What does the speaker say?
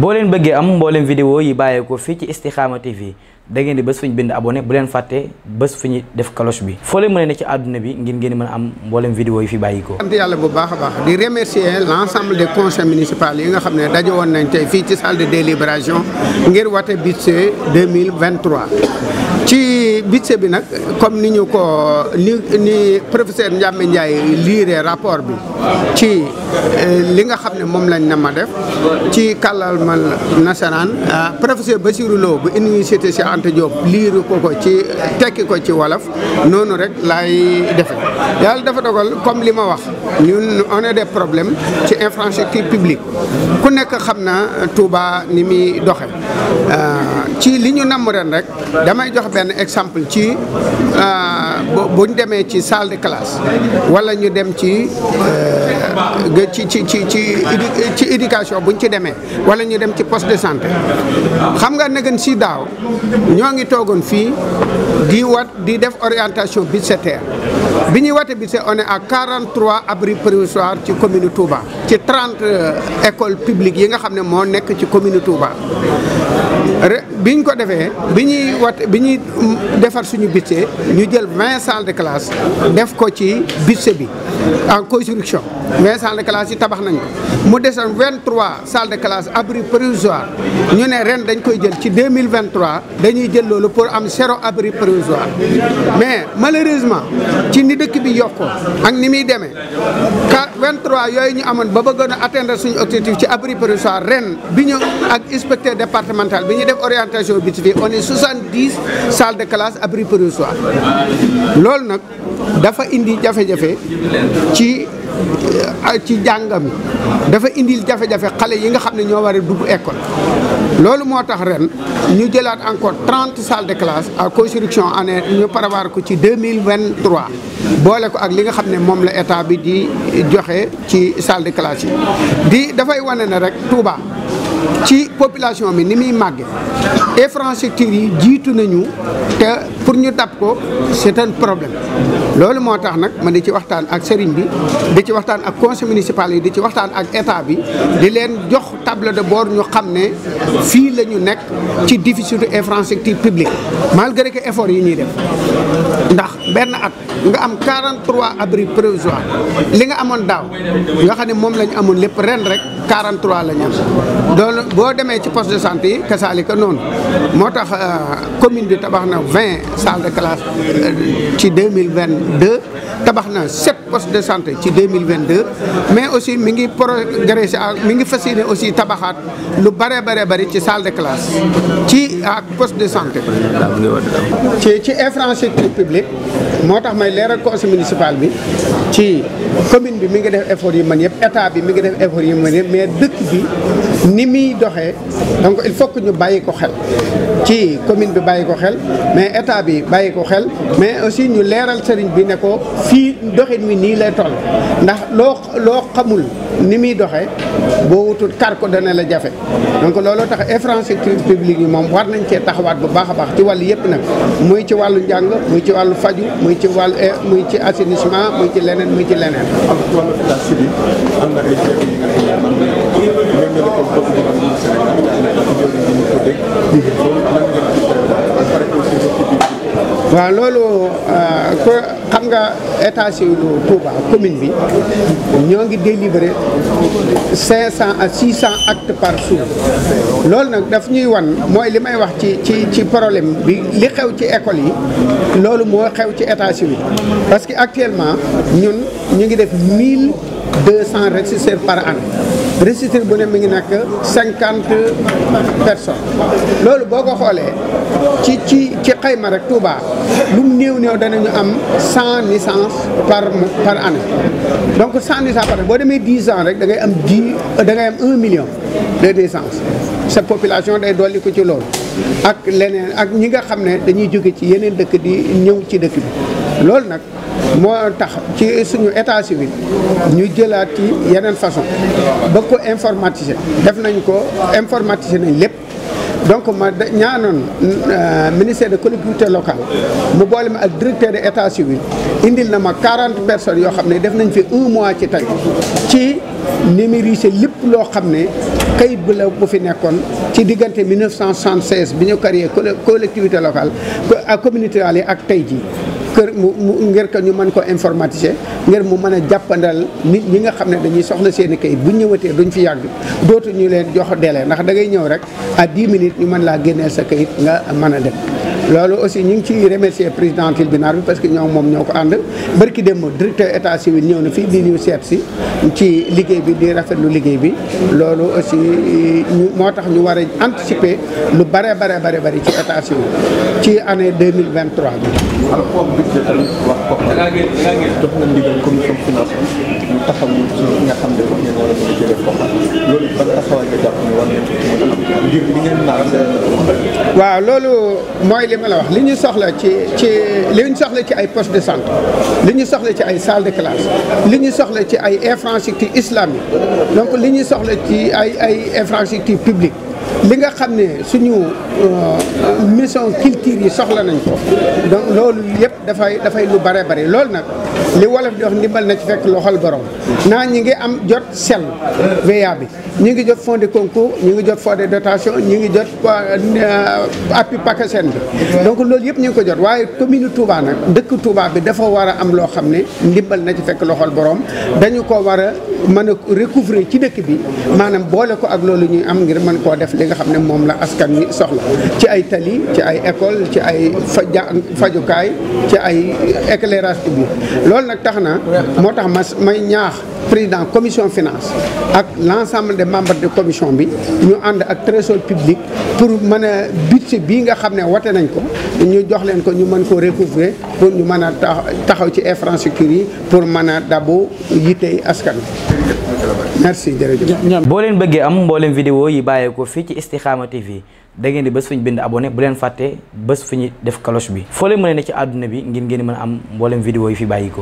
boo leen bëggee am mboolem vidéo yi bàyyeekoo fii ci Istikhama TV da ngeen di bés fu ñu bind abonné bu leen fàttee bés fu ñu def cloche bi foo leen mën a ne ci àdduna bi ngir ngeen mën a am mboolem vidéo yi fi bàyyi ko sant yàlla bu baax a baax di remercier l' ensemble des conseils yi nga xam ne daje woon nañ tey fii ci salle de délibération ngir wate budget 2023 ci budget bi nag comme ni ñu ko ni ni professeur Ndiamé Ndiaye liire rapport bi ci euh, li nga xam ne moom lañ ne ma def ci kàllaal ma nasaraan euh, professeur Bassirou Lo Anta Diop liiru ko ci tekki ko ci wolof noonu rek laay defe yàlla dafa dogal comme li ma wax ñun on a des problème ci infrastructure publique ku nekk xam na Touba ni muy doxe euh, ci li ñu namm ren rek damay jox benn exemple ci euh, buñ demee ci salle de classe wala ñu dem ci euh, ci ci ci ci éducation buñ ci demee wala ñu dem ci poste de santé xam nga nëgën si daaw ñoo ngi toogoon fii di wat di def orientation budgétaire bi ñuy wate budget on est à abri abris ci commune Touba ci 30 euh, école publiques yi nga xam ne moo nekk ci commune Touba biñ ko defee bi ñuy wat bi ñuy mm, defar suñu budget ñu jël 20 salles de classe def ko ci budget bi en construction mais salle de classe yi tabax nañ ko mu desoon 23 salle de classe abri provisoire ñu ne ren dañ koy jël ci 2023 dañuy jël loolu pour am zéro abri provisoire mais malheureusement ci ni dëkk bi yokkoo ak ni muy demee ka 23 yooyu ñu amoon ba bëggoon a atteindre suñu objectif ci abri provisoire ren bi ñu ak inspecteur départemental bi ñu def orientation bi ci fii on est 70 salles de classe abri provisoire loolu nag dafa indi jafe-jafe ci ci jàngam dafa indil jafe-jafe xale yi nga xam ne ñoo war a dugg école loolu moo tax ren ñu jëlaat encore trente salle de classe à construction année ñu prévoir ko ci deux mille vingt trois boole ko ak li nga xam ne moom la état bi di joxe ci salle de classe yi di dafay wane ne rek Touba ci population bi ni muy màgge infrastructure yi jiitu nañu te pour ñu dab ko c'est un problème loolu moo tax nag ma di ci waxtaan ak sëriñ bi di ci waxtaan ak conseil municipal yi di ci waxtaan ak état bi di leen jox table de bord ñu xam ne fii la ñu nekk ci déficit infrastructure publique malgré que effort yi ñuy def ndax benn at nga am 43 abri provisoire li nga amoon daaw nga xam ne moom la ñu amoon lépp ren rek 43 la ñu am loolu boo demee ci poste de santé yi kasaalika noonu moo tax euh, commune bi tabax na 20 salles de classe euh, ci 2020 de tabax na sept postes de santé ci 2022 mais aussi mi ngi progressé mi ngi fas yéene aussi tabaxaat lu bare bare bari ci salle de classe ci ak poste de santé ci ci infrastructure publique moo tax may leeral conseil municipal bi ci commune bi mi ngi def effort yi man yëpp état bi mi ngi def effort yi man yëpp mais dëkk bi ni muy doxee donc il faut ñu bàyyi ko xel ci commune bi bàyyi ko xel mais état bi bàyyi ko xel mais aussi ñu leeral sëriñ bi ne ko fii doxin wi nii lay toll ndax loo loo xamul ni muy doxee boo wutul kar ko dana la jafe donc looloo tax infrastructure publique yi moom war nañ cee taxawaat bu baax a baax ci wàllu yëpp nag muy ci wàllu njàng muy ci wàllu faju muy ci wàllu eh, muy ci assainissement muy ci leneen muy ci leneen. waaw loolu euh, xam nga état civil Touba commune bi ñoo ngi délivrer cinq cent à six cent actes par jour loolu nag daf ñuy wan mooy li may wax ci ci ci problème bi li xew ci école yi loolu moo xew ci état civil parce que actuellement ñun ñu ngi def mille deux cent récidives par an récidive bu ne mi ngi nekk cinquante personnes loolu boo ko xoolee ci ci ci xayma rek Touba lu mu néew néew ñu am cent naissances par par année donc cent naissances par année boo demee dix ans rek da ngay am dix dangay ngay am un million de naissances sa population day dolli ko ci loolu ak leneen ak ñi nga xam ne dañuy jóge ci yeneen dëkk di ñëw ci dëkk bi loolu nag moo tax ci suñu état civil ñu jëlaat ci yeneen façon ba ko informatiser def nañ ko informatiser nañ lépp donc ma ñaanoon euh, ministère de collectivité locale mu boole ma ak directeur de état civil indil na ma 40 personnes yoo xam ne def nañ fi un mois ci tey ci numériser lépp loo xam ne kayit bu la bu fi nekkoon ci diggante 1976 bi ñu créé collectivité locale ak communauté rurale yi ak tey jii. kër mu mu ngir que ñu mën ko informatiser ngir mu mën a jàppandal nit ñi nga xam ne dañuy soxla seen i kayit bu ñëwatee duñ fi yàgg dootu ñu leen jox délai ndax da ngay ñëw rek a di minutes ñu mën laa génneel sa kayit nga mën a dem. loolu aussi ñu ngi ciy remercier président tribunal bi parce que ñoo moom ñoo ko ànd dem démb directeur état civil ñëw na fii di ñu seet si ci liggéey bi di rafet lu liggéey bi loolu aussi ñu moo tax ñu war a anticiper lu bare bare bare bari ci état civil ci année 2023 bi rapport am ngir li waaw loolu mooy li ma wax li ñu soxla ci ci li ñu ci ay poste de santé li ñu soxla ci ay salle de classe li ñu soxla ci ay infrastructure islamique donc li ñu soxla ci ay ay infrastructure publique li nga xam ne suñu euh, mission culture yi soxla nañ ko donc loolu yëpp dafay dafay lu bare bare loolu nag li wolof di wax ndimbal na ci fekk loxol borom naa ñi ngi am jot sell VA bi ñi ngi jot fonds de concours ñi ngi jot fonds de dotation ñi ngi jot euh, appui PACASEN bi donc loolu yëpp ñu ngi ko jot waaye commune Touba nag dëkk Touba bi dafa war a am loo xam ne ndimbal na ci fekk loxol borom dañu ko war mën a recouvrer ci dëkk bi maanaam boole ko ak loolu ñuy am ngir mën koo def li nga xam ne moom la askan wi soxla ci ay tali ci ay école ci ay fajukaay ci ay éclairage bi loolu nag tax na moo tax ma may ñaax président commission finance ak l'ensemble des membre de commission bi ñu ànd ak trésor public pour mën a budget bii nga xam ne wate nañ ko ñu jox leen ko ñu mën koo recouvrer pour ñu mën a taxaw ci infrastructure yi pour mën a dabu yittey askan merci boo leen bëggee am mboolem vidéo yi bàyyeekoo fii ci Istikhama TV da ngeen di bés fu ñu bind abonné bu leen fàtte bés fu ñu def cloche bi foo leen mën a ci àdduna bi ngir ngeen mën am mboolem vidéo yi fi bàyyikoo